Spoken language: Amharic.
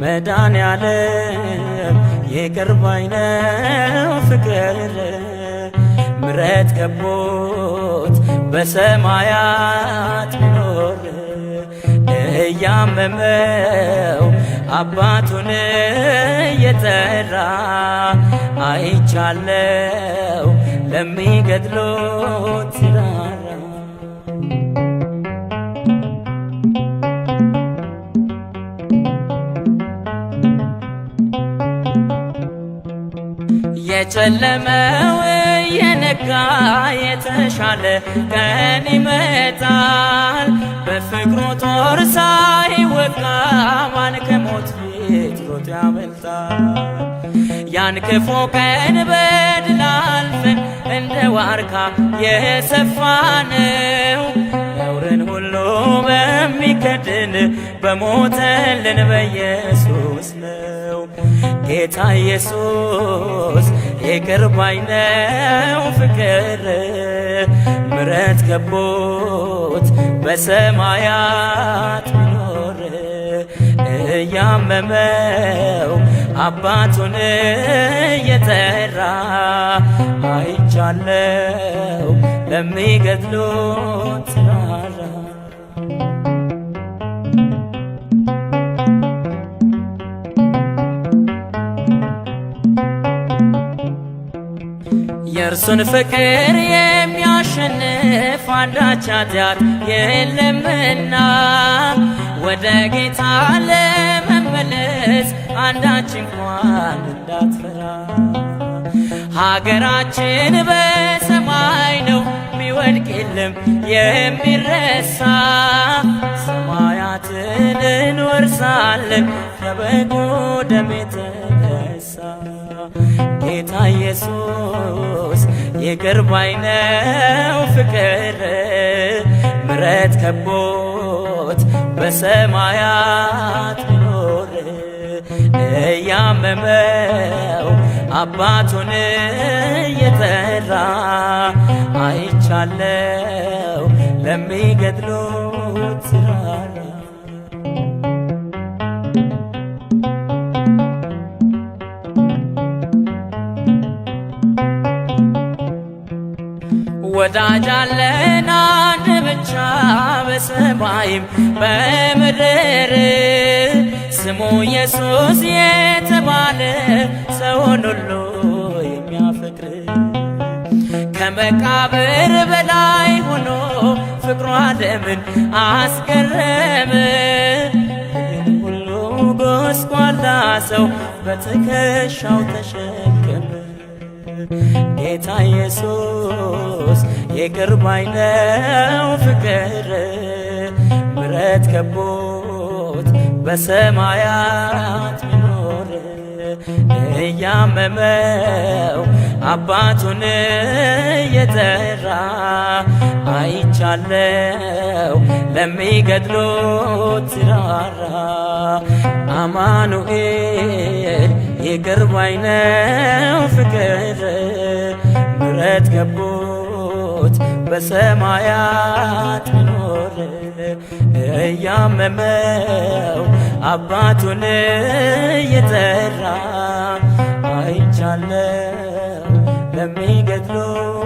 መዳን ያለ ይቅር ባይ ነው ፍቅር ምረት ከቦት በሰማያት ኖር እያመመው አባቱን እየጠራ አይቻለው ለሚገድሎት የጨለመው የነጋ የተሻለ ቀን ይመጣል። በፍቅሩ ጦር ሳይወጋ ማን ከሞት ፊት ያመልጣል። ያን ክፉ ቀን በድል አልፈን እንደ ዋርካ የሰፋነው ነውርን ሁሉ በሚከድን በሞተልን በኢየሱስ ነው ጌታ ኢየሱስ ይቅር ባይ ነው ፍቅር ምረት ከቦት በሰማያት ቢኖር እያመመው አባቱን እየጠራ አይቻለው ለሚገድሎት ራራ የእርሱን ፍቅር የሚያሸንፍ አንዳች ኃጢአት የለምና ወደ ጌታ ለመመለስ አንዳች እንኳን እንዳትፈራ። ሀገራችን በሰማይ ነው፣ ሚወድቅ የለም የሚረሳ። ሰማያትን እንወርሳለን ከበጎ ደም ጌታ ኢየሱስ ይቅር ባይ ነው ፍቅር ምረት ከቦት በሰማያት ኖር እያመመው አባቱን እየጠራ አይቻለው ለሚገድሉት ራራ ወዳጅ አለን አንድ ብቻ በሰማይም በምድር ስሙ ኢየሱስ የተባለ ሰውን ሁሉ የሚያፈቅር ከመቃብር በላይ ሆኖ ፍቅሩ ዓለምን አስገረመ። ሁሉ ጎስቋላ ሰው በትከሻው ተሸመ። ጌታ ኢየሱስ ይቅር ባይ ነው ፍቅር ምሕረት ከቦት በሰማያት ሚኖር እያመመው አባቱን እየጠራ አይቻለው ለሚገድሎት ሲራራ አማኑኤል ይቅር ባይ ነው ፍቅር ምረት ከቦት በሰማያት ኖር እያመመው አባቱን እየጠራ አይቻለው ለሚገድሎ